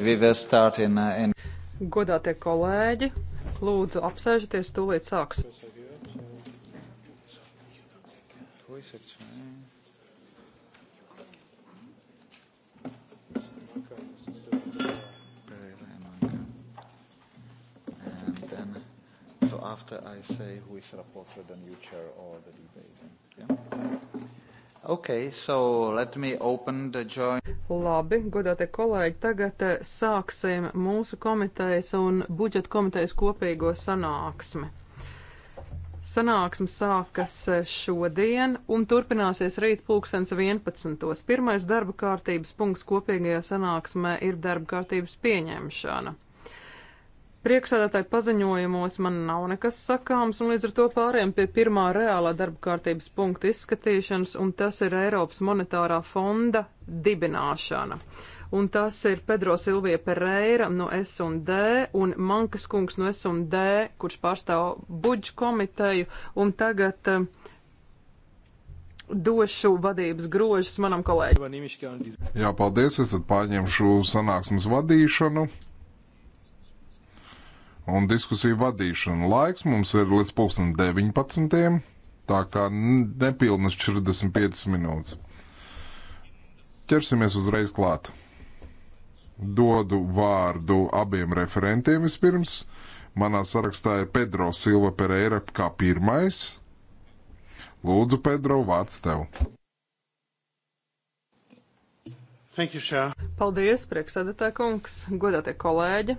In, uh, in... Godātie kolēģi, lūdzu apsēžieties, tūlīt sāks. Then, so after I say who is rapporteur, then you chair all the debate. Yeah? Okay, so let me open the joint. Labi, godātie kolēģi, tagad eh, sāksim mūsu komitejas un budžeta komitejas kopīgo sanāksmi. Sanāksme sākas eh, šodien un turpināsies rīt pulkstens 11. Pirmais darba kārtības punkts kopīgajā sanāksmē ir darba kārtības pieņemšana. Priekšsēdētāji paziņojumos man nav nekas sakāms, un līdz ar to pārējām pie pirmā reālā darba kārtības punkta izskatīšanas, un tas ir Eiropas monetārā fonda dibināšana. Un tas ir Pedro Silvija Pereira no S&D un Mankas kungs no S&D, kurš pārstāv budžu komiteju, un tagad uh, došu vadības grožus manam kolēģim. Jā, paldies, es tad pārņemšu sanāksmes vadīšanu un diskusiju vadīšanu. Laiks mums ir līdz pusdien 19. Tā kā nepilnas 45 minūtes. Ķersimies uzreiz klāt. Dodu vārdu abiem referentiem vispirms. Manā sarakstā ir Pedro Silva Pereira kā pirmais. Lūdzu, Pedro, vārds tev. Thank you, Shā. Paldies, priekšsēdētāj kungs, godātie kolēģi.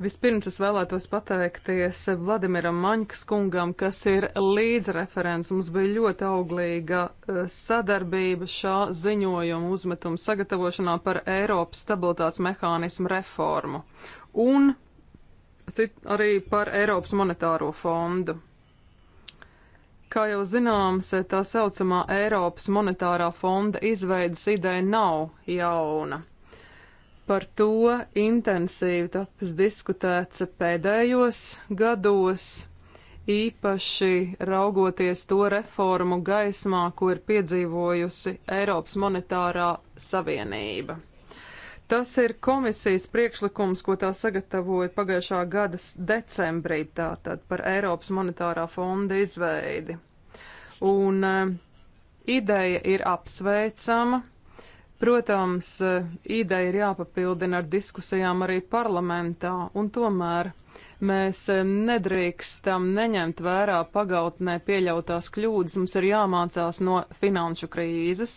Vispirms es vēlētos pateikties Vladimiram Maņkas kungam, kas ir līdzreferents. Mums bija ļoti auglīga eh, sadarbība šā ziņojuma uzmetuma sagatavošanā par Eiropas stabilitātes mehānismu reformu un arī par Eiropas monetāro fondu. Kā jau zināms, tā saucamā Eiropas monetārā fonda izveidas ideja nav jauna. Par to intensīvi tapas diskutēts pēdējos gados, īpaši raugoties to reformu gaismā, ko ir piedzīvojusi Eiropas monetārā savienība. Tas ir komisijas priekšlikums, ko tā sagatavoja pagājušā gada decembrī, tātad par Eiropas monetārā fonda izveidi. Un uh, ideja ir apsveicama, Protams, ideja ir jāpapildina ar diskusijām arī parlamentā, un tomēr mēs nedrīkstam neņemt vērā pagautnē pieļautās kļūdas, mums ir jāmācās no finanšu krīzes,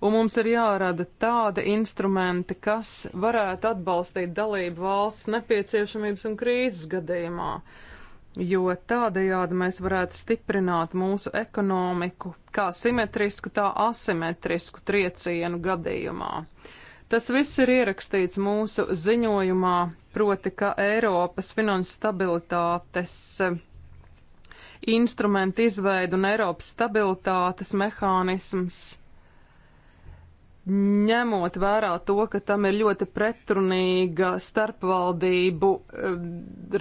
un mums ir jārada tādi instrumenti, kas varētu atbalstīt dalību valsts nepieciešamības un krīzes gadījumā jo tādējādi mēs varētu stiprināt mūsu ekonomiku kā simetrisku, tā asimetrisku triecienu gadījumā. Tas viss ir ierakstīts mūsu ziņojumā, proti, ka Eiropas finanšu stabilitātes eh, instrumentu izveidu un Eiropas stabilitātes mehānisms ņemot vērā to, ka tam ir ļoti pretrunīga starpvaldību eh,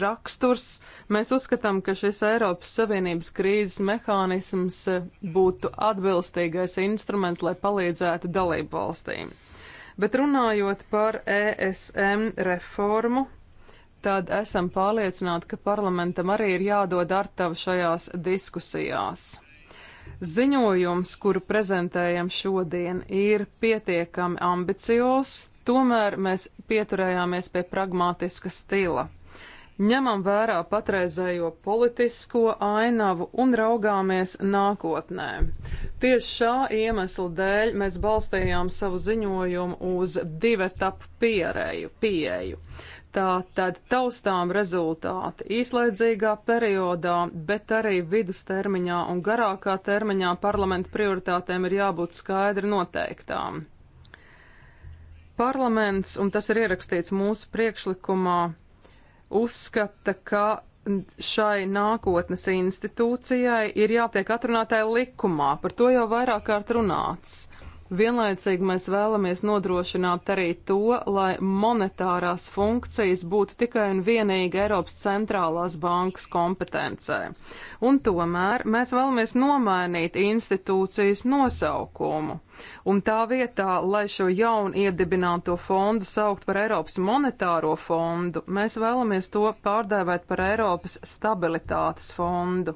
raksturs, mēs uzskatām, ka šis Eiropas Savienības krīzes mehānisms eh, būtu atbilstīgais instruments, lai palīdzētu dalību valstīm. Bet runājot par ESM reformu, tad esam pārliecināti, ka parlamentam arī ir jādod artava šajās diskusijās. Ziņojums, kuru prezentējam šodien, ir pietiekami ambiciozs, tomēr mēs pieturējāmies pie pragmatiska stila. Ņemam vērā patreizējo politisko ainavu un raugāmies nākotnē. Tieši šā iemesla dēļ mēs balstījām savu ziņojumu uz divu etapu pieeju. Tātad taustām rezultāti īslaidzīgā periodā, bet arī vidustermiņā un garākā termiņā parlamenta prioritātēm ir jābūt skaidri noteiktām. Parlaments, un tas ir ierakstīts mūsu priekšlikumā, uzskata, ka šai nākotnes institūcijai ir jātiek atrunātai likumā, par to jau vairāk kārt runāts. Vienlaicīgi mēs vēlamies nodrošināt arī to, lai monetārās funkcijas būtu tikai un vienīgi Eiropas centrālās bankas kompetencē. Un tomēr mēs vēlamies nomainīt institūcijas nosaukumu. Un tā vietā, lai šo jaunu iedibināto fondu saukt par Eiropas monetāro fondu, mēs vēlamies to pārdēvēt par Eiropas stabilitātes fondu.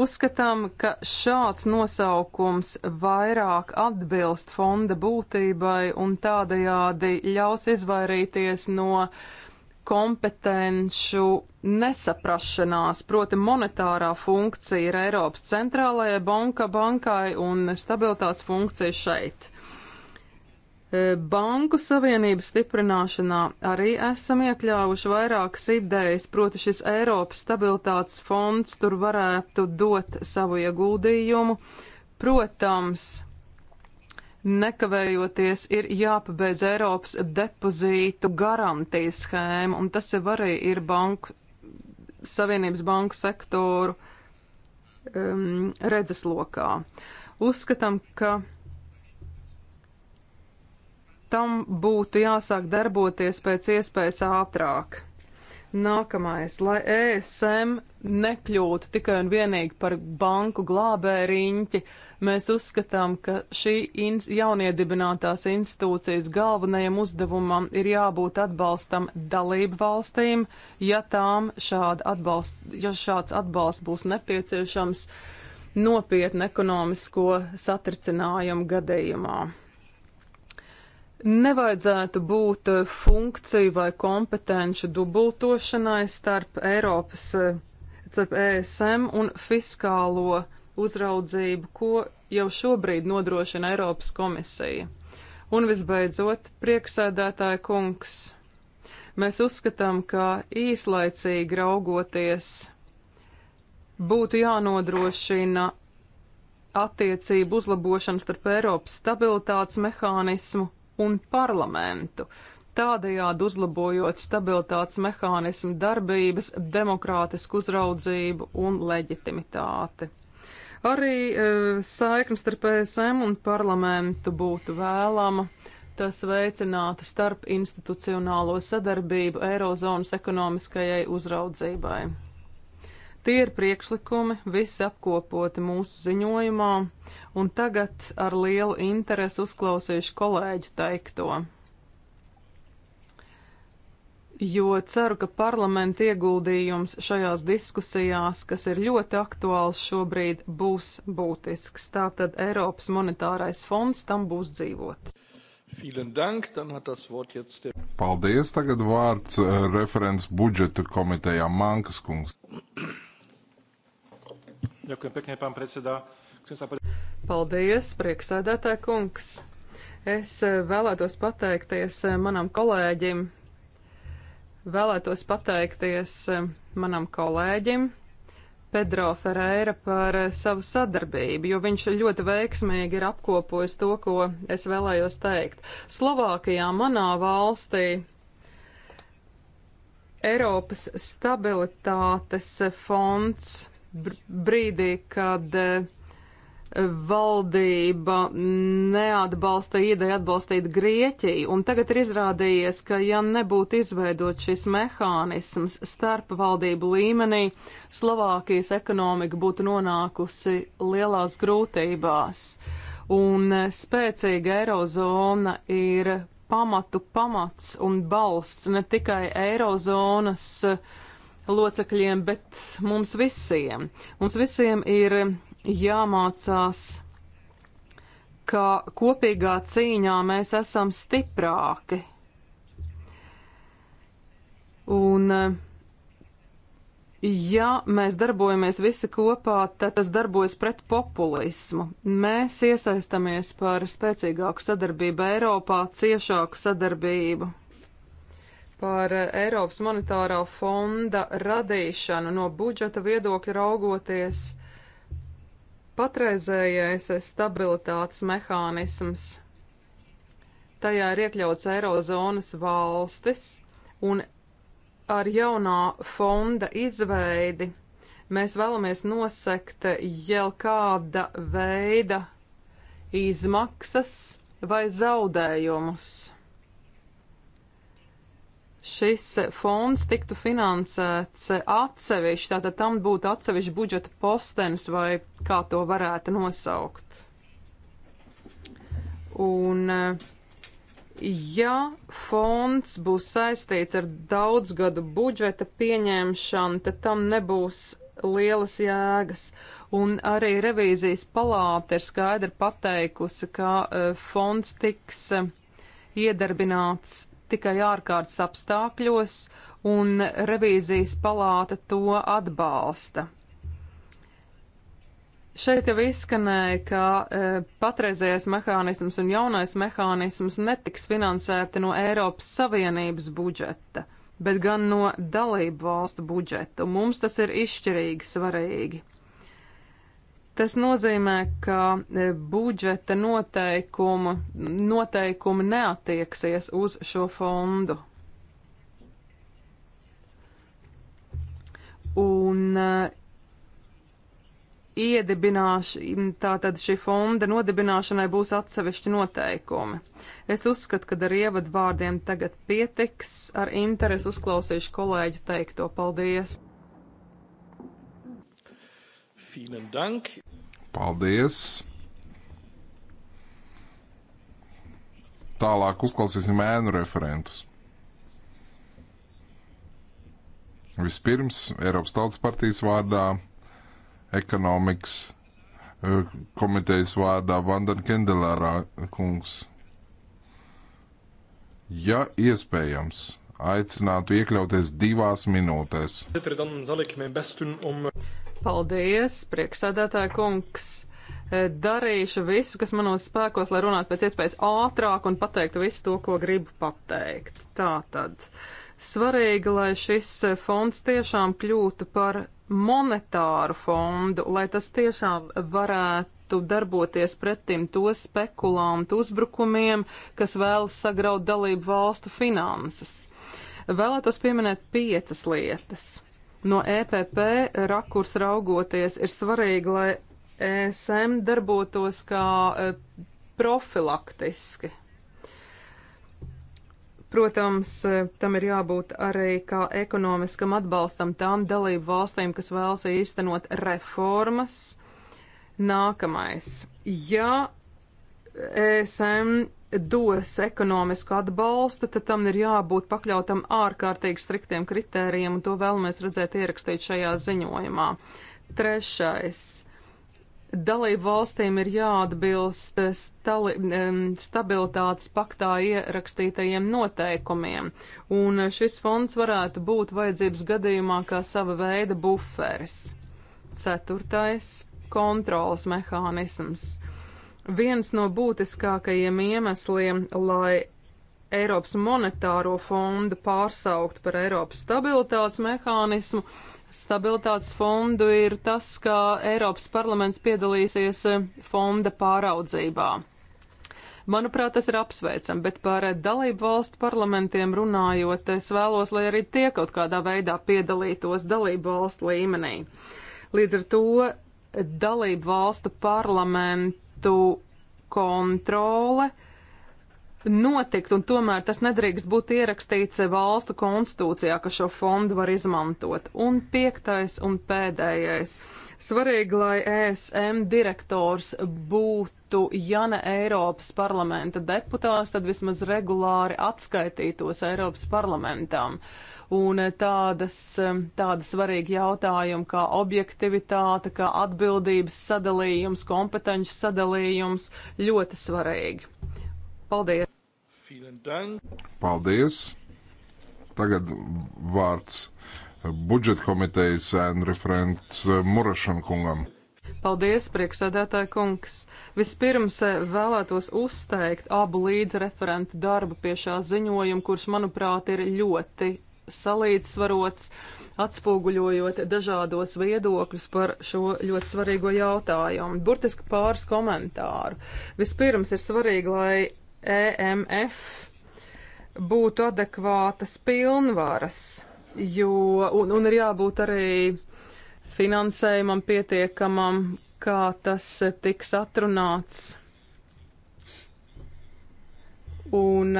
Uzskatām, ka šāds nosaukums vairāk atbilst fonda būtībai un tādējādi ļaus izvairīties no kompetenšu nesaprašanās, proti monetārā funkcija ir Eiropas centrālajai banka bankai un stabilitātes funkcija šeit. E, banku savienības stiprināšanā arī esam iekļāvuši vairākas idejas, proti šis Eiropas stabilitātes fonds tur varētu dot savu ieguldījumu. Protams, nekavējoties ir jāpabeidz Eiropas depozītu garantijas schēma, un tas jau arī ir banku, savienības banku sektoru um, redzeslokā. Uzskatām, ka tam būtu jāsāk darboties pēc iespējas ātrāk. Nākamais, lai ESM nekļūtu tikai un vienīgi par banku glābēju riņķi, mēs uzskatām, ka šī in jauniedibinātās institūcijas galvenajam uzdevumam ir jābūt atbalstam dalību valstīm, ja tām šāda atbalst, ja šāds atbalsts būs nepieciešams nopietni ekonomisko satricinājumu gadījumā. Nevajadzētu būt eh, funkciju vai kompetenci dubultošanai starp Eiropas, eh, starp ESM un fiskālo uzraudzību, ko jau šobrīd nodrošina Eiropas komisija. Un visbeidzot, prieksēdētāja kungs, mēs uzskatām, ka īslaicīgi raugoties būtu jānodrošina attiecību uzlabošana starp Eiropas stabilitātes mehānismu un parlamentu. Tādējādi uzlabojot stabilitātes mehānismu darbības, demokrātisku uzraudzību un leģitimitāti. Arī e, saikne starp PSM e un parlamentu būtu vēlama. Tas veicinātu starp institucionālo sadarbību Eirozonas ekonomiskajai uzraudzībai. Tie ir priekšlikumi, visi apkopoti mūsu ziņojumā, un tagad ar lielu interesi uzklausīšu kolēģu teikto. Jo ceru, ka parlamenta ieguldījums šajās diskusijās, kas ir ļoti aktuāls šobrīd, būs būtisks. Tātad Eiropas monetārais fonds tam būs dzīvot. Paldies. Tagad vārds eh, referents budžetu komitejā Mankas kungs. Ďakujem pekne, pán predseda. Chcem sa povedať... Paldies, prieksēdētāj kungs. Es vēlētos pateikties eh, manam kolēģim, vēlētos pateikties eh, manam kolēģim Pedro Ferreira par eh, savu sadarbību, jo viņš ļoti veiksmīgi ir apkopojis to, ko es vēlējos teikt. Slovākijā, manā valstī, Eiropas stabilitātes fonds brīdī, kad eh, valdība neatbalsta ideju atbalstīt Grieķiju, un tagad ir izrādījies, ka ja nebūtu izveidot šis mehānisms starp valdību līmenī, Slovākijas ekonomika būtu nonākusi lielās grūtībās. Un eh, spēcīga eirozona ir pamatu pamats un balsts ne tikai eirozonas uh, locekļiem, bet mums visiem. Mums visiem ir jāmācās, ka kopīgā cīņā mēs esam stiprāki. Un, ja mēs darbojamies visi kopā, tad tas darbojas pret populismu. Mēs iesaistamies par spēcīgāku sadarbību Eiropā, ciešāku sadarbību par eh, Eiropas monetārā fonda radīšanu no budžeta viedokļa raugoties. Patreizējais eh, stabilitātes mehānisms. Tajā ir iekļauts Eirozonas valstis, un ar jaunā fonda izveidi mēs vēlamies nosekt eh, jau kāda veida izmaksas vai zaudējumus šis fonds tiktu finansēts atsevišķi, tātad tam būtu atsevišķi budžeta postenis vai kā to varētu nosaukt. Un, ja fonds būs saistīts ar daudzgadu budžeta pieņemšanu, tad tam nebūs lielas jēgas. Un arī revīzijas palāte ir skaidri pateikusi, ka eh, fonds tiks eh, iedarbināts tikai ārkārtas apstākļos, un revīzijas palāta to atbalsta. Šeit jau izskanēja, ka e, patreizējais mehānisms un jaunais mehānisms netiks finansēti no Eiropas Savienības budžeta, bet gan no dalību valstu budžeta. Mums tas ir izšķirīgi svarīgi. Tas nozīmē, ka e, budžeta noteikumu, noteikumi neatieksies uz šo fondu. Un e, tātad šī fonda nodibināšanai būs atsevišķi noteikumi. Es uzskatu, ka ar ievadvārdiem tagad pietiks, ar interesi uzklausīšu kolēģu teikto. Paldies! Vielen Dank. Paldies! Tālāk uzklausīsim ēnu referentus. Vispirms Eiropas Tautas partijas vārdā, ekonomikas eh, komitejas vārdā Vandana Kendelārā kungs. Ja iespējams, aicinātu iekļauties divās minūtēs. Paldies, priekšsēdētāja kungs. E, darīšu visu, kas manos spēkos, lai runātu pēc iespējas ātrāk un pateiktu visu to, ko gribu pateikt. Tātad svarīgi, lai šis fonds tiešām kļūtu par monetāru fondu, lai tas tiešām varētu darboties pretim to spekulantu uzbrukumiem, kas vēlas sagraut dalību valstu finanses. Vēlētos pieminēt piecas lietas. No EPP rakurs raugoties ir svarīgi, lai ESM darbotos kā e, profilaktiski. Protams, e, tam ir jābūt arī kā ekonomiskam atbalstam tām dalību valstīm, kas vēlas īstenot reformas. Nākamais. Ja ESM dos ekonomisku atbalstu, tad tam ir jābūt pakļautam ārkārtīgi striktiem kritērijiem, un to vēlamies redzēt ierakstīt šajā ziņojumā. Trešais. Dalību valstīm ir jāatbilst stali, stabilitātes paktā ierakstītajiem noteikumiem, un šis fonds varētu būt vajadzības gadījumā kā sava veida buferis. Ceturtais - kontrolas mehānisms Viens no būtiskākajiem iemesliem, lai Eiropas monetāro fondu pārsaukt par Eiropas stabilitātes mehānismu, stabilitātes fondu ir tas, ka Eiropas parlaments piedalīsies fonda pāraudzībā. Manuprāt, tas ir apsveicam, bet par dalību valstu parlamentiem runājot, es vēlos, lai arī tie kaut kādā veidā piedalītos dalību valstu līmenī. Līdz ar to dalību valstu parlamentu budžetu kontrole notikt, un tomēr tas nedrīkst būt ierakstīts valstu konstitūcijā, ka šo fondu var izmantot. Un piektais un pēdējais. Svarīgi, lai ESM direktors būtu, ja ne Eiropas parlamenta deputāts, tad vismaz regulāri atskaitītos Eiropas parlamentam. Un eh, tādas, eh, tādas svarīgi jautājumi kā objektivitāte, kā atbildības sadalījums, kompetenci sadalījums ļoti svarīgi. Paldies! Paldies! Tagad vārds budžeta komitejas referents eh, Murašam kungam. Paldies, prieksēdētāja kungs. Vispirms eh, vēlētos uzteikt abu līdzreferentu darbu pie šā ziņojuma, kurš, manuprāt, ir ļoti salīdzsvarots, atspoguļojot dažādos viedokļus par šo ļoti svarīgo jautājumu. Burtiski pāris komentāru. Vispirms ir svarīgi, lai EMF būtu adekvātas pilnvaras jo, un, un ir jābūt arī finansējumam pietiekamam, kā tas tiks atrunāts. Un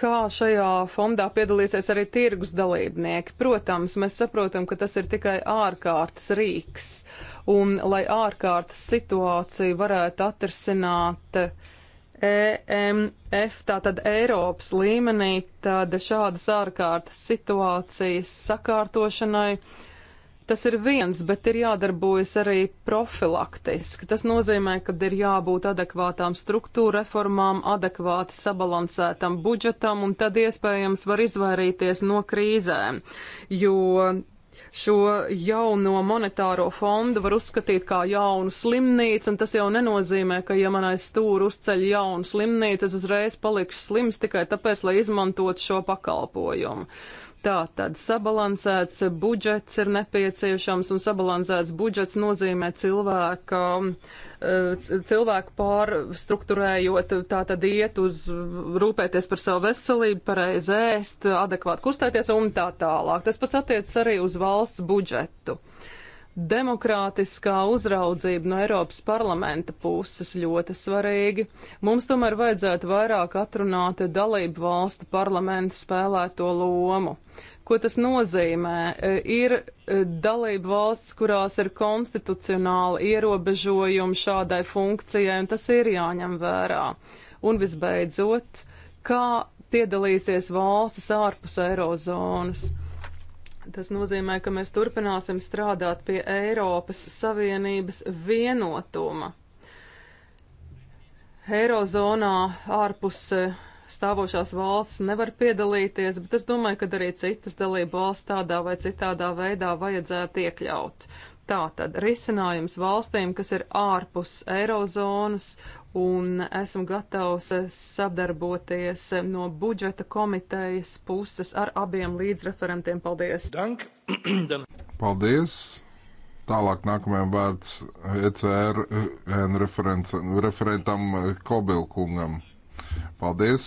kā šajā fondā piedalīsies arī tirgus dalībnieki. Protams, mēs saprotam, ka tas ir tikai ārkārtas rīks, un lai ārkārtas situāciju varētu atrisināt, uh, EMF, tātad Eiropas līmenī, tad šādas ārkārtas situācijas sakārtošanai. Tas ir viens, bet ir jādarbojas arī profilaktiski. Tas nozīmē, ka ir jābūt adekvātām struktūra reformām, adekvāti sabalansētam budžetam, un tad iespējams var izvairīties no krīzēm, jo šo jauno monetāro fondu var uzskatīt kā jaunu slimnīcu, un tas jau nenozīmē, ka, ja man aiz stūra uzceļ jaunu slimnīcu, es uzreiz palikšu slims tikai tāpēc, lai izmantotu šo pakalpojumu. Tātad sabalansēts budžets ir nepieciešams, un sabalansēts budžets nozīmē cilvēka, eh, cilvēku pārstruktūrējot, tātad iet uz rūpēties par savu veselību, pareizi ēst, adekvāti kustēties un tā tālāk. Tas pats attiecas arī uz valsts budžetu. Uh, demokrātiskā uzraudzība no Eiropas parlamenta puses ļoti svarīgi. Mums tomēr vajadzētu vairāk atrunāt dalību valstu parlamentu spēlēto lomu. Ko tas nozīmē? E, ir e, dalību valsts, kurās ir konstitucionāli ierobežojumi šādai funkcijai, un tas ir jāņem vērā. Un visbeidzot, kā piedalīsies valstis ārpus eirozonas? Tas nozīmē, ka mēs turpināsim strādāt pie Eiropas Savienības vienotuma. Eirozonā ārpus e, stāvošās valsts nevar piedalīties, bet es domāju, ka arī citas dalību valsts tādā vai citādā veidā vajadzētu iekļaut. Tātad risinājums valstīm, kas ir ārpus Eirozonas un esmu gatavs sadarboties no budžeta komitejas puses ar abiem līdzreferentiem. Paldies! Dank. Paldies! Tālāk nākamajam vārds ECR referentam Kobilkungam. Paldies!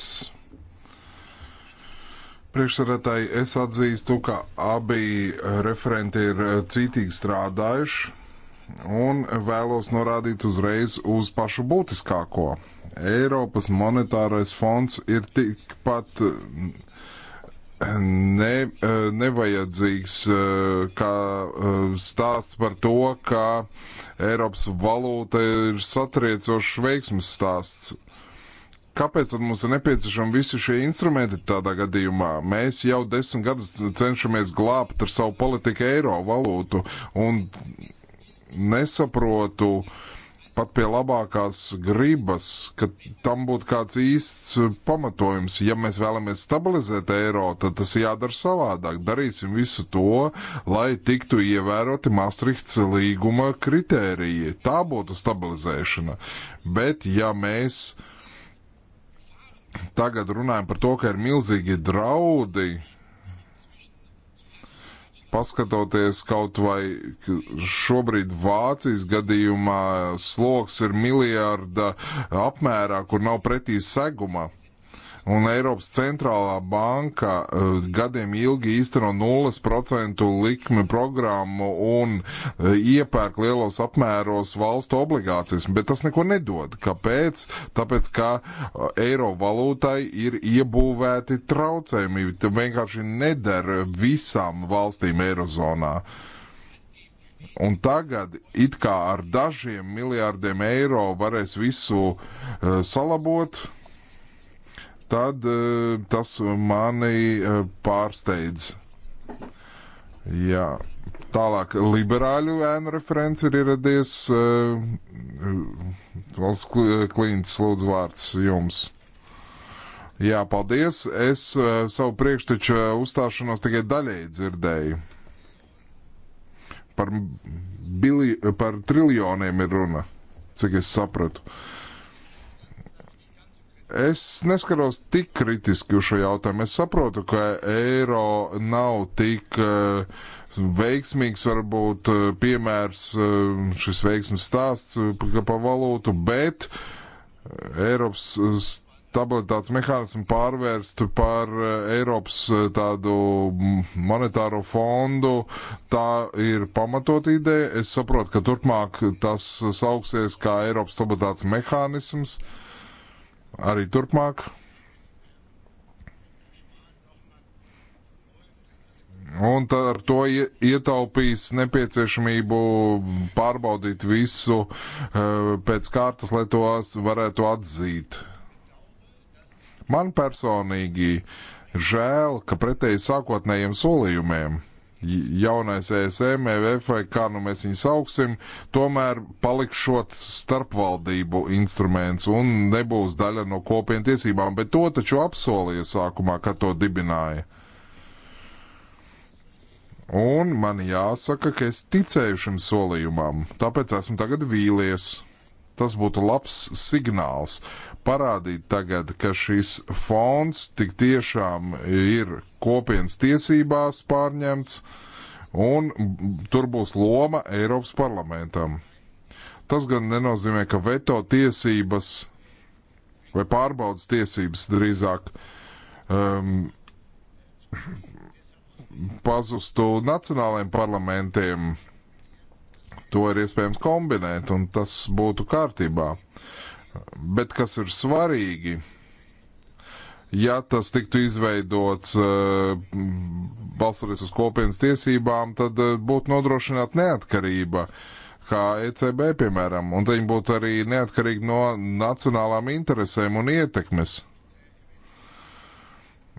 Priekšsarētāji, es atzīstu, ka abi referenti ir cītīgi strādājuši Un vēlos norādīt uzreiz uz pašu būtiskāko. Eiropas monetārais fonds ir tikpat eh, ne, eh, nevajadzīgs eh, kā stāsts par to, ka Eiropas valūta ir satriecošs veiksmes stāsts. Kāpēc mums ir nepieciešami visi šie instrumenti tādā gadījumā? Mēs jau desmit gadus cenšamies glābt ar savu politiku eiro valūtu, un nesaprotu pat pie labākās gribas, ka tam būtu kāds īsts pamatojums. Ja mēs vēlamies stabilizēt eiro, tad tas jādara savādāk. Darīsim visu to, lai tiktu ievēroti Maastrichts līguma kritēriji. Tā būtu stabilizēšana. Bet ja mēs tagad runājam par to, ka ir milzīgi draudi paskatoties kaut vai šobrīd Vācijas gadījumā sloks ir miljārda apmērā, kur nav pretī seguma un Eiropas centrālā banka eh, gadiem ilgi īsteno 0% likmi programmu un eh, iepērk lielos apmēros valstu obligācijas, bet tas neko nedod. Kāpēc? Tāpēc, ka eh, eiro valūtai ir iebūvēti traucējumi, tas vienkārši nedara visām valstīm eirozonā. Un tagad it kā ar dažiem miljārdiem eiro varēs visu uh, salabot, uh, tad eh, tas mani eh, pārsteidz. Jā. Tālāk, liberāļu ēnu referents ir ieradies. Eh, Valsts klīns, lūdzu, vārds jums. Jā, paldies. Es savu priekšteču uzstāšanos tikai daļēji dzirdēju. Par, bili, par triljoniem ir runa, cik es sapratu. Uh, Es neskaros tik kritiski uz šo jautājumu. Es saprotu, ka eiro nav tik eh, veiksmīgs, varbūt eh, piemērs eh, šis veiksmes stāsts pa valūtu, bet Eiropas stabilitātes mehānismu pārvērst par Eiropas tādu monetāro fondu, tā ir pamatot ideja. Es saprotu, ka turpmāk tas sauksies kā Eiropas stabilitātes mehānisms. Uh, arī turpmāk. Un ar to ietaupīs nepieciešamību pārbaudīt visu eh, pēc kārtas, lai to varētu atzīt. Man personīgi žēl, ka pretēji sākotnējiem solījumiem jaunais ESM, EVF vai kā nu mēs viņu sauksim, tomēr palikšot starpvaldību instruments un nebūs daļa no kopienu tiesībām, bet to taču apsolīja sākumā, kad to dibināja. Un man jāsaka, ka es ticēju šim solījumam, tāpēc esmu tagad vīlies. Tas būtu labs signāls parādīt tagad, ka šis fonds tik tiešām ir kopienas tiesībās pārņemts, un tur būs loma Eiropas parlamentam. Tas gan nenozīmē, ka veto tiesības vai pārbaudas tiesības drīzāk um, pazustu nacionālajiem parlamentiem. To ir iespējams kombinēt, un tas būtu kārtībā. Uh, Bet kas ir svarīgi, ja tas tiktu izveidots eh, balstoties uz kopienas tiesībām, tad eh, būtu nodrošināta neatkarība, kā ECB piemēram, un viņi būtu arī neatkarīgi no nacionālām interesēm un ietekmes.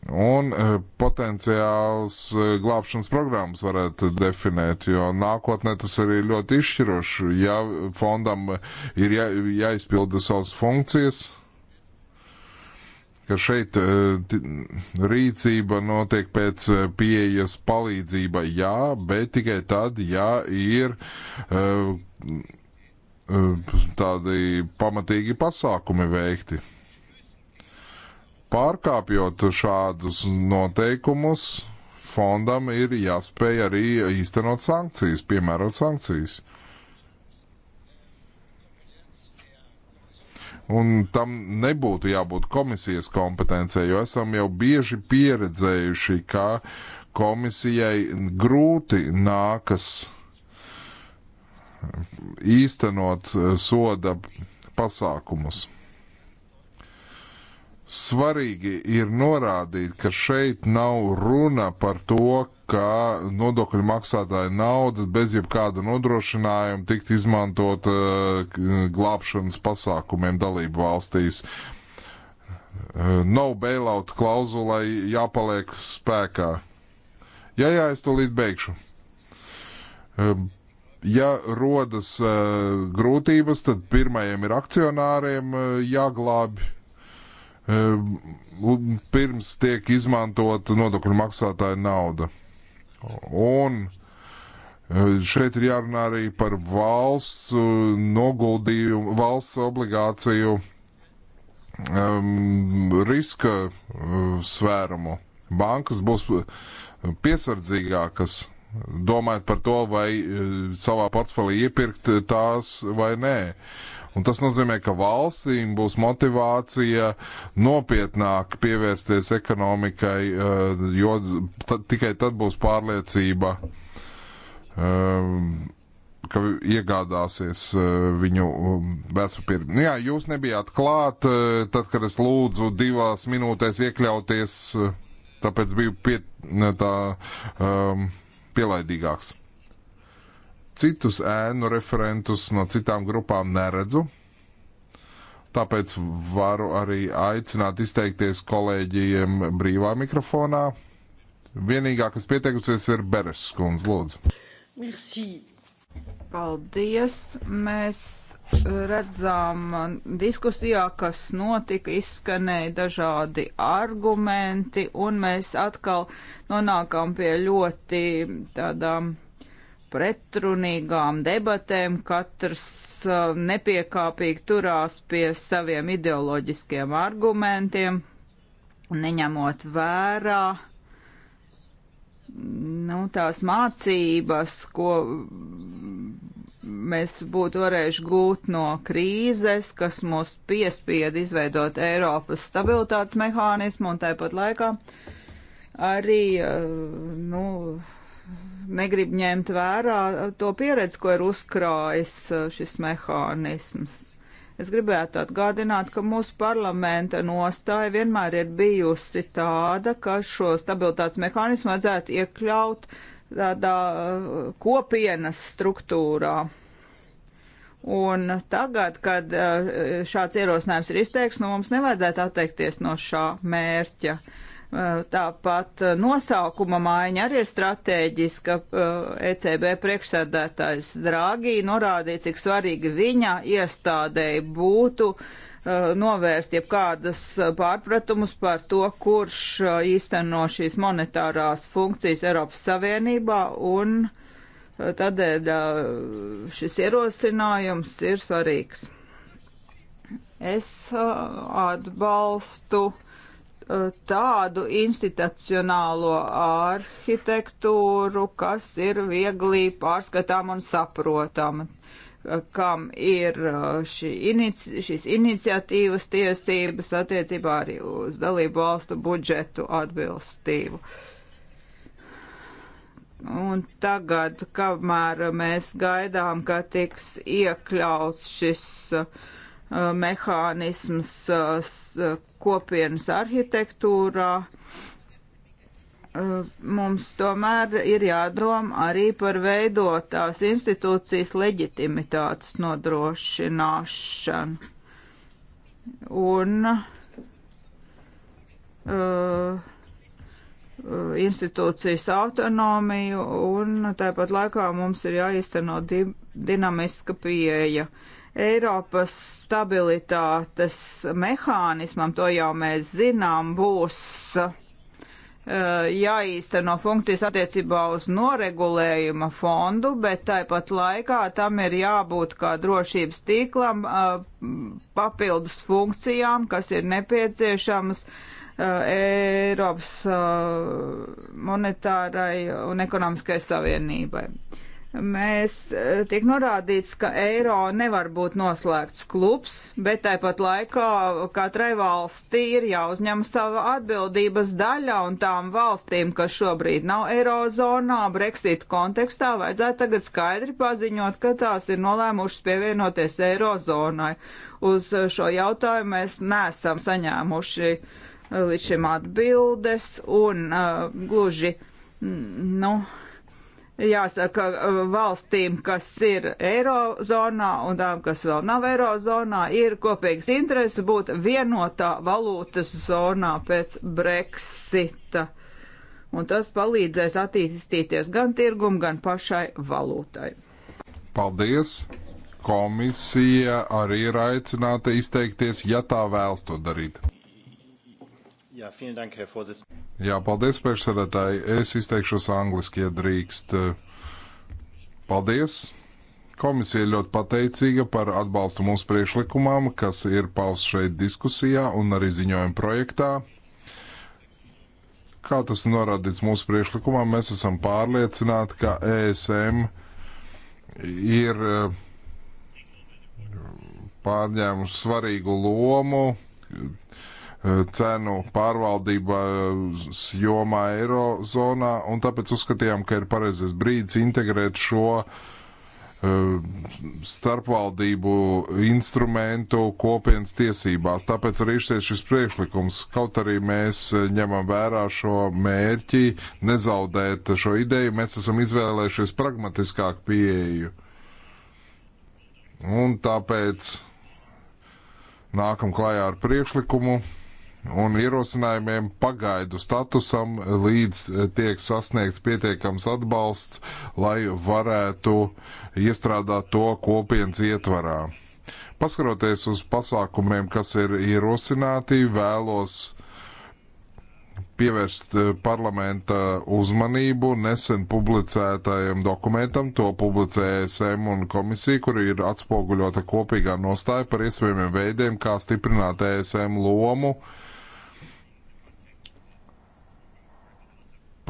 Un e, potenciāls e, glābšanas programmas varētu definēt, jo nākotnē tas arī ļoti izšķiroši. Ja fondam ir jā, jāizpilda savas funkcijas, ka šeit e, rīcība notiek pēc pieejas palīdzība, jā, bet tikai tad, ja ir tādi pamatīgi pasākumi veikti. Pārkāpjot šādus noteikumus, fondam ir jāspēj arī īstenot sankcijas, piemērot sankcijas. Un tam nebūtu jābūt komisijas kompetencijai, jo esam jau bieži pieredzējuši, ka komisijai grūti nākas īstenot soda pasākumus. Svarīgi ir norādīt, ka šeit nav runa par to, ka nodokļu maksātāja nauda bez jebkāda nodrošinājuma tikt izmantot eh, glābšanas pasākumiem dalību valstīs. Eh, nav bailout klauzulai jāpaliek spēkā. Jā, jā, es to līdz beigšu. Eh, ja rodas grūtības, tad pirmajiem ir akcionāriem jāglābj Ehm, pirms tiek izmantota nodokļu maksātāja nauda. Un e, šeit ir jārunā arī par valsts e, noguldījumu, valsts obligāciju um, riska e, svērumu. Bankas būs piesardzīgākas domājot par to, vai savā portfelī iepirkt tās vai nē. Uh, Un tas nozīmē, ka valstīm būs motivācija nopietnāk pievērsties ekonomikai, eh, jo tad, tikai tad būs pārliecība, eh, ka iegādāsies eh, viņu um, vēstpapīru. Nu, jā, jūs nebijāt klāt, tad, kad es lūdzu divās minūtēs iekļauties, tāpēc biju pie, tā, um, pielaidīgāks. Citus ēnu referentus no citām grupām neredzu. Tāpēc varu arī aicināt izteikties kolēģiem brīvā mikrofonā. Vienīgā, kas pieteikusies, ir Beres skundze, lūdzu. Merci. Paldies! Mēs redzām diskusijā, kas notika, izskanēja dažādi argumenti, un mēs atkal nonākam pie ļoti tādām pretrunīgām debatēm, katrs uh, nepiekāpīgi turās pie saviem ideoloģiskiem argumentiem, neņemot vērā nu, tās mācības, ko mēs būtu varējuši gūt no krīzes, kas mūs piespieda izveidot Eiropas stabilitātes mehānismu un tāpat laikā arī, uh, nu, negrib ņemt vērā to pieredzi, ko ir uzkrājis uh, šis mehānisms. Es gribētu atgādināt, ka mūsu parlamenta nostāja vienmēr ir bijusi tāda, ka šo stabilitātes mehānismu vajadzētu iekļaut tādā uh, kopienas struktūrā. Un tagad, kad uh, šāds ierosinājums ir izteikts, nu mums nevajadzētu atteikties no šā mērķa. Uh, Eh, tāpat eh, nosaukuma maiņa arī ir strateģiska. ECB eh, e priekšsēdētājs Dragī norādīja, cik svarīgi viņa iestādēji būtu novērst jebkādas pārpratumus par to, kurš īsteno šīs monetārās funkcijas Eiropas Savienībā un tādēļ šis ierosinājums ir svarīgs. Es atbalstu uh, tādu institucionālo arhitektūru, kas ir viegli pārskatām un saprotama kam ir uh, šī inici, šīs iniciatīvas tiesības attiecībā arī uz dalību valstu budžetu atbilstību. Un tagad, kamēr mēs gaidām, ka tiks iekļauts šis uh, mehānisms uh, kopienas arhitektūrā. Eh, mums tomēr ir jādomā arī par veidotās institūcijas leģitimitātes nodrošināšanu. Un uh, institūcijas autonomiju, un tāpat laikā mums ir jāizteno di dinamiska pieeja uh, Eiropas stabilitātes mehānismam, to jau mēs zinām, būs uh, jāīsteno funkcijas attiecībā uz noregulējuma fondu, bet tāpat laikā tam ir jābūt kā drošības tīklam uh, papildus funkcijām, kas ir nepieciešamas uh, Eiropas monetārai un ekonomiskai savienībai mēs eh, tiek norādīts, ka eiro nevar būt noslēgts klubs, bet tāpat laikā katrai valstī ir jāuzņem sava atbildības daļa, un tām valstīm, kas šobrīd nav eirozonā, Brexit kontekstā, vajadzētu tagad skaidri paziņot, ka tās ir nolēmušas pievienoties eirozonai. Uz šo jautājumu mēs nesam saņēmuši eh, līdz šim atbildes, un uh, gluži, nu, jāsaka uh, valstīm, kas ir eirozonā un tām, kas vēl nav eirozonā, ir kopīgs interesi būt vienotā valūtas zonā pēc Brexita. Un tas palīdzēs attīstīties gan tirgum, gan pašai valūtai. Paldies! Komisija arī ir aicināta izteikties, ja tā vēlas to darīt. Jā, dank, Jā paldies, priekšsēdētāji. Es izteikšos angliski, ja drīkst. Paldies! Komisija ļoti pateicīga par atbalstu mūsu priekšlikumam, kas ir pausts šeit diskusijā un arī ziņojuma projektā. Kā tas norādīts mūsu priekšlikumā, mēs esam pārliecināti, ka ESM ir eh, pārņēmuši svarīgu lomu cenu pārvaldības eh, jomā Eirozonā, un tāpēc uzskatījām, ka ir pareizais brīdis integrēt šo eh, starpvaldību instrumentu kopienas tiesībās. Tāpēc arī izsies šis priekšlikums. Kaut arī mēs eh, ņemam vērā šo mērķi, nezaudēt šo ideju, mēs esam izvēlējušies pragmatiskāku pieeju. Un tāpēc nākam klajā ar priekšlikumu, un ierosinājumiem pagaidu statusam, līdz eh, tiek sasniegts pietiekams atbalsts, lai varētu iestrādāt to kopienas ietvarā. Paskaroties uz pasākumiem, kas ir ierosināti, vēlos pievērst eh, parlamenta uzmanību nesen publicētajam dokumentam, to publicēja SM un komisija, kur ir atspoguļota kopīgā nostāja par iespējamiem veidiem, kā stiprināt ESM lomu uh,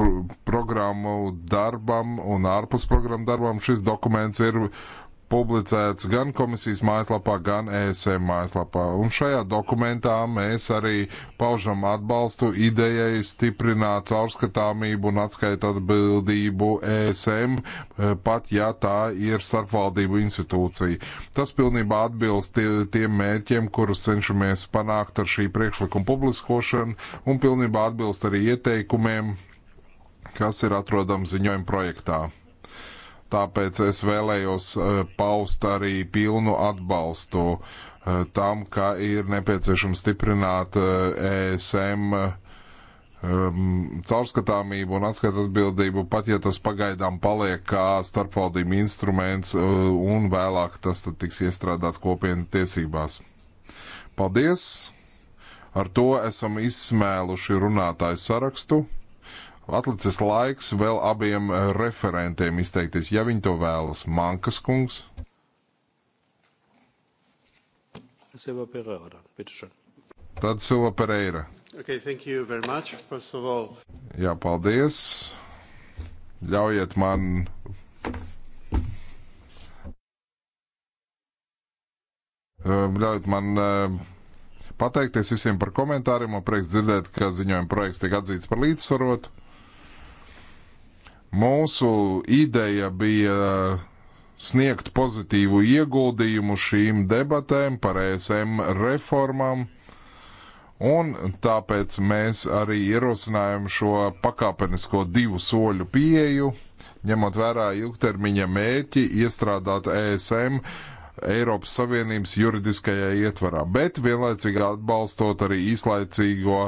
pro programmu darbam un ārpus programmu darbam. Šis dokuments ir publicēts gan komisijas mājaslapā, gan ESM mājaslapā. Un šajā dokumentā mēs arī paužam atbalstu idejai stiprināt caurskatāmību un atskaitatbildību ESM, eh, pat ja tā ir starpvaldību institūcija. Tas pilnībā atbilst tie, tiem mērķiem, kurus cenšamies panākt ar šī priekšlikuma publiskošanu un pilnībā atbilst arī ieteikumiem kas ir atrodams ziņojuma projektā. Tāpēc es vēlējos eh, paust arī pilnu atbalstu eh, tam, ka ir nepieciešams stiprināt ESM eh, e um, ehm, caurskatāmību un atskatu atbildību, pat ja tas pagaidām paliek kā starpvaldību instruments, un vēlāk tas tad tiks iestrādāts kopienas tiesībās. Paldies! Ar to esam izsmēluši runātāju sarakstu. Atlicis laiks vēl abiem eh, referentiem izteikties, ja viņi to vēlas. Mankas kungs. Silva Pereira, Tad Silva Pereira. Okay, thank you very much, first of all. Jā, paldies. Ļaujiet man eh, Ļaujiet man eh, pateikties visiem par komentāriem. Man prieks dzirdēt, ka ziņojuma projekts tiek atzīts par līdzsvarotu. Mūsu ideja bija sniegt pozitīvu ieguldījumu šīm debatēm par ESM reformām, un tāpēc mēs arī ierosinājam šo pakāpenisko divu soļu pieeju ņemot vērā ilgtermiņa mērķi iestrādāt ESM Eiropas Savienības juridiskajā ietvarā, bet vienlaicīgi atbalstot arī īslaicīgo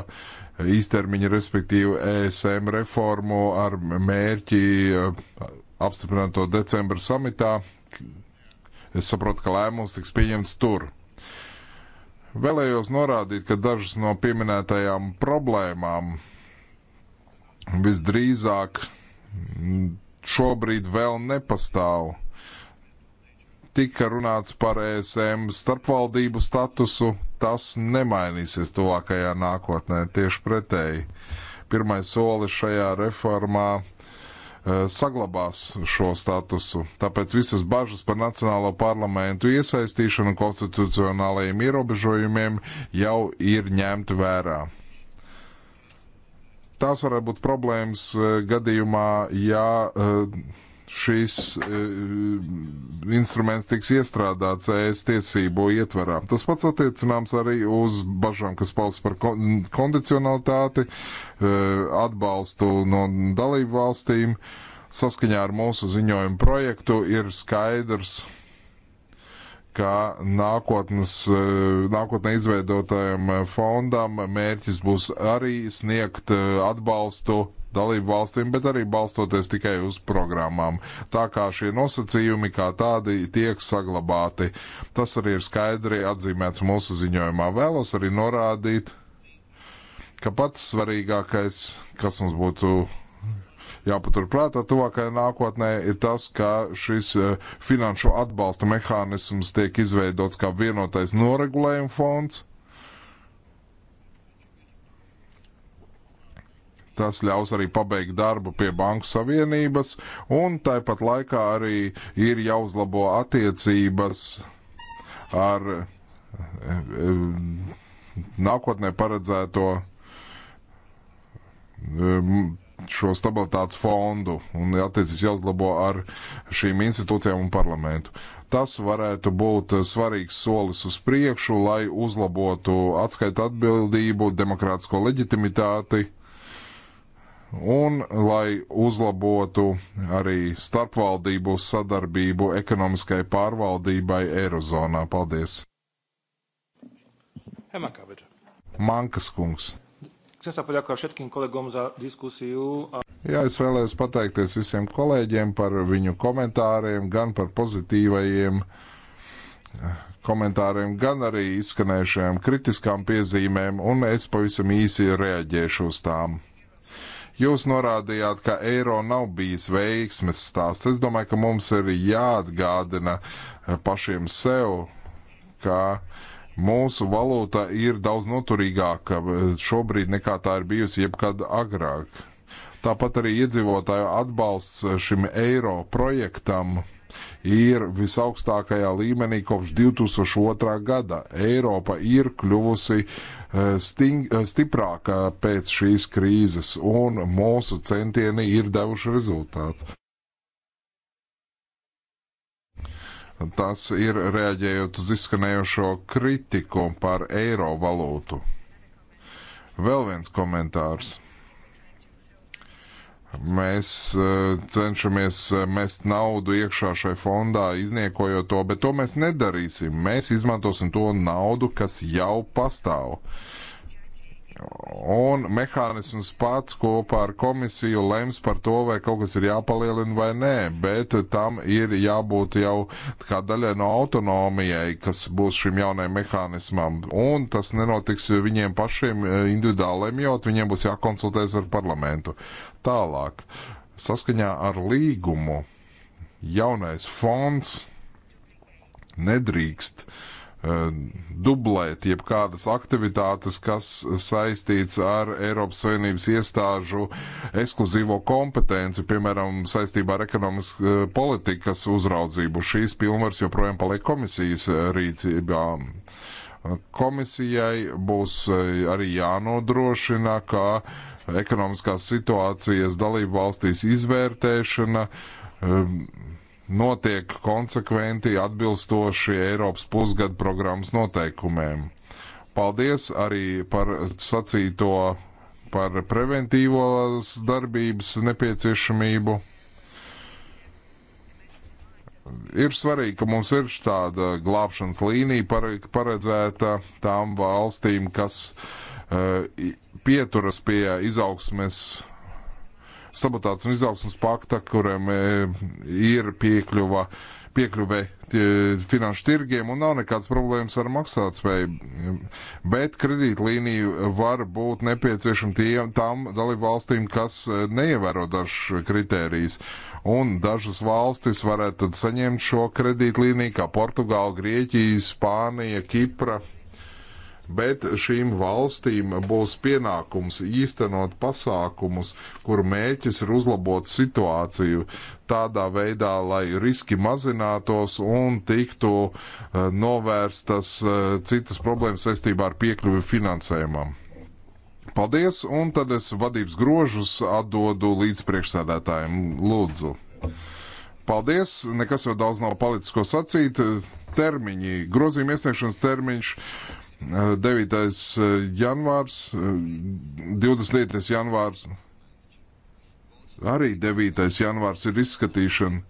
īstermiņa, respektīvi ESM reformu ar mērķi eh, apstiprināt to decembra samitā. Es saprotu, ka lēmums tiks pieņemts tur. Vēlējos norādīt, ka dažas no pieminētajām problēmām visdrīzāk šobrīd vēl nepastāv tika runāts par ESM starpvaldību statusu, tas nemainīsies tuvākajā nākotnē, tieši pretēji. Pirmais solis šajā reformā uh, saglabās šo statusu. Tāpēc visas bažas par Nacionālo parlamentu iesaistīšanu konstitucionālajiem ierobežojumiem jau ir ņemti vērā. Tās varētu būt problēmas uh, gadījumā, ja uh, šis e, instruments tiks iestrādāts ES tiesību ietvarā. Tas pats attiecināms arī uz bažām, kas paus par kondicionalitāti, e, atbalstu no dalību valstīm. Saskaņā ar mūsu ziņojumu projektu ir skaidrs, ka nākotnes, e, nākotnē izveidotajam fondam mērķis būs arī sniegt atbalstu dalību valstīm, bet arī balstoties tikai uz programmām. Tā kā šie nosacījumi kā tādi tiek saglabāti, tas arī ir skaidri atzīmēts mūsu ziņojumā. Vēlos arī norādīt, ka pats svarīgākais, kas mums būtu jāpaturprātā tuvākajā nākotnē ir tas, ka šis e, finanšu atbalsta mehānisms tiek izveidots kā vienotais noregulējuma fonds, Tas ļaus arī pabeigt darbu pie Banku Savienības, un tāpat laikā arī ir jāuzlabo attiecības ar eh, eh, nākotnē paredzēto eh, šo stabilitātes fondu un attiecības jāuzlabo ar šīm institūcijām un parlamentu. Tas varētu būt svarīgs solis uz priekšu, lai uzlabotu atskaita atbildību, demokrātisko leģitimitāti un lai uzlabotu arī starpvaldību sadarbību ekonomiskai pārvaldībai Eirozonā. Paldies! Mankas kungs. Jā, es vēlējos pateikties visiem kolēģiem par viņu komentāriem, gan par pozitīvajiem eh, komentāriem, gan arī izskanējušajām kritiskām piezīmēm, un es pavisam īsi reaģēšu uz tām. Jūs norādījāt, ka eiro nav bijis veiksmes stāsts. Es domāju, ka mums ir jāatgādina eh, pašiem sev, ka mūsu valūta ir daudz noturīgāka eh, šobrīd nekā tā ir bijusi jebkad agrāk. Tāpat arī iedzīvotāju atbalsts šim eiro projektam ir visaugstākajā līmenī kopš 2002. gada. Eiropa ir kļuvusi eh, sting, eh, stiprākā pēc šīs krīzes, un mūsu centieni ir devuši rezultāts. Tas ir reaģējot uz izskanējušo kritiku par eiro valūtu. Vēl viens komentārs Mēs eh, cenšamies eh, mest naudu iekšā šai fondā, izniekojot to, bet to mēs nedarīsim. Mēs izmantosim to naudu, kas jau pastāv. Un mehānisms pats kopā ar komisiju lems par to, vai kaut kas ir jāpalielina vai nē, bet tam ir jābūt jau kā daļai no autonomijai, kas būs šim jaunajam mehānismam. Un tas nenotiks viņiem pašiem eh, individuāli lemjot, viņiem būs jākonsultēs ar parlamentu. Tālāk, saskaņā ar līgumu, jaunais fonds nedrīkst uh, dublēt jebkādas aktivitātes, kas saistīts ar Eiropas Savienības iestāžu ekskluzīvo kompetenci, piemēram, saistībā ar ekonomisku uh, eh, politikas uzraudzību. Šīs pilnvars joprojām paliek komisijas eh, rīcībā. Uh, Komisijai būs e, arī jānodrošina, ka ekonomiskās situācijas dalību valstīs izvērtēšana notiek konsekventi atbilstoši Eiropas pusgada programmas noteikumiem. Paldies arī par sacīto par preventīvos darbības nepieciešamību ir svarīgi, ka mums ir tāda glābšanas līnija paredzēta tām valstīm, kas uh, pieturas pie izaugsmes, sabotāts un izaugsmes pakta, kuriem uh, ir piekļuva uh, piekļuvē finanšu tirgiem un nav nekādas problēmas ar maksātspēju. Bet kredītlīniju var būt nepieciešama tiem, tām dalībvalstīm, kas e, neievēro dažas kritērijas. Un dažas valstis varētu tad saņemt šo kredītlīniju, kā Portugāla, Grieķija, Spānija, Kipra bet šīm valstīm būs pienākums īstenot pasākumus, kuru mērķis ir uzlabot situāciju tādā veidā, lai riski mazinātos un tiktu eh, novērstas eh, citas problēmas saistībā ar piekļuvi finansējumam. Paldies, un tad es vadības grožus atdodu līdz priekšsēdētājiem. Lūdzu! Paldies! Nekas jau daudz nav palicis, ko sacīt. Termiņi, grozījuma iesniegšanas termiņš 9. Eh, eh, janvārs, 20. Eh, janvārs, arī 9. janvārs ir izskatīšana.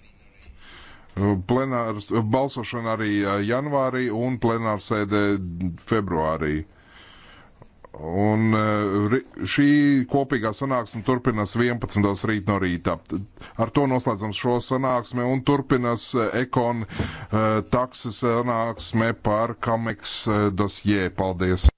Plenārs, balsošana arī janvāri un plenārsēdē februārī. Un eh, šī kopīgā sanāksme turpinās 11. rīt no rīta. Ar to noslēdzam šo sanāksmi un turpinās eh, ekon eh, taksas sanāksme par Kameks dosjē. Paldies!